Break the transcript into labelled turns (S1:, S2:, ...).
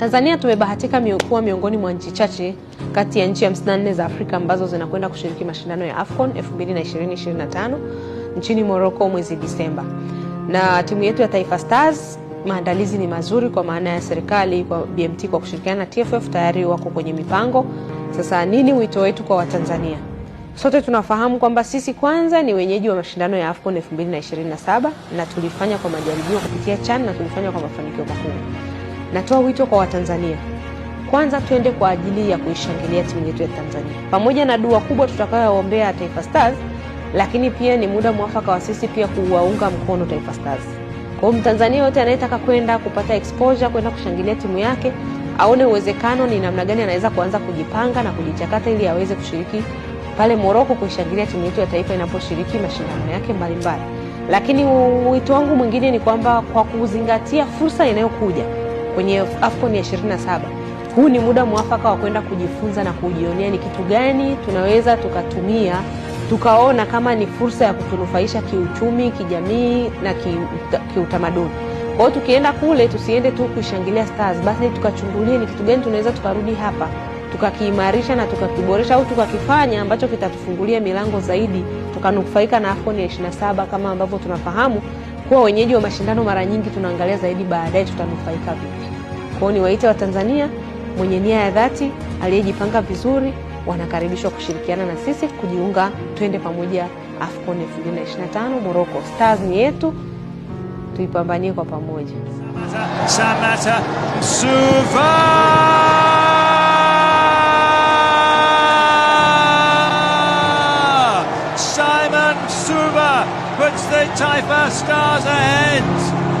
S1: Tanzania tumebahatika kuwa miongoni mwa nchi chache kati ya nchi 54 za Afrika ambazo zinakwenda kushiriki mashindano ya AFCON 2020-2025 nchini Morocco mwezi Disemba. Na timu yetu ya Taifa Stars maandalizi ni mazuri kwa maana ya serikali kwa BMT kwa kushirikiana na TFF tayari wako kwenye mipango. Sasa nini wito wetu kwa Watanzania? Sote tunafahamu kwamba sisi kwanza ni wenyeji wa mashindano ya AFCON 2027 na tulifanya kwa majaribio kupitia CHAN na tulifanya kwa mafanikio makubwa. Natoa wito kwa Watanzania, kwanza twende kwa ajili ya kuishangilia timu yetu ya Tanzania pamoja na dua kubwa tutakayoombea Taifa Stars, lakini pia ni muda mwafaka wa sisi pia kuwaunga mkono Taifa Stars. Kwa hiyo Mtanzania yote anayetaka kwenda kupata exposure, kwenda kushangilia timu yake aone uwezekano ni namna gani anaweza kuanza kujipanga na kujichakata ili aweze kushiriki pale Moroko kuishangilia timu yetu ya taifa inaposhiriki mashindano yake mbalimbali. Lakini wito wangu mwingine ni kwamba kwa kuzingatia fursa inayokuja kwenye AFCON ya 27, huu ni muda mwafaka wa kwenda kujifunza na kujionea ni kitu gani tunaweza tukatumia tukaona kama ni fursa ya kutunufaisha kiuchumi, kijamii na kiutamaduni. Kwa hiyo tukienda kule tusiende tu kuishangilia Stars, basi tukachungulie ni kitu gani tunaweza tukarudi hapa tukakiimarisha na tukakiboresha au tukakifanya ambacho kitatufungulia milango zaidi tukanufaika na afoni ya 27 kama ambavyo tunafahamu kuwa wenyeji wa mashindano, mara nyingi tunaangalia zaidi baadaye tutanufaika vipi. ni waite wa Watanzania mwenye nia ya dhati, aliyejipanga vizuri, wanakaribishwa kushirikiana na sisi kujiunga, twende pamoja AFCON 225 moroco Stars ni yetu, tuipambanie kwa pamoja. Samata, Samata, puts the Taifa Stars ahead.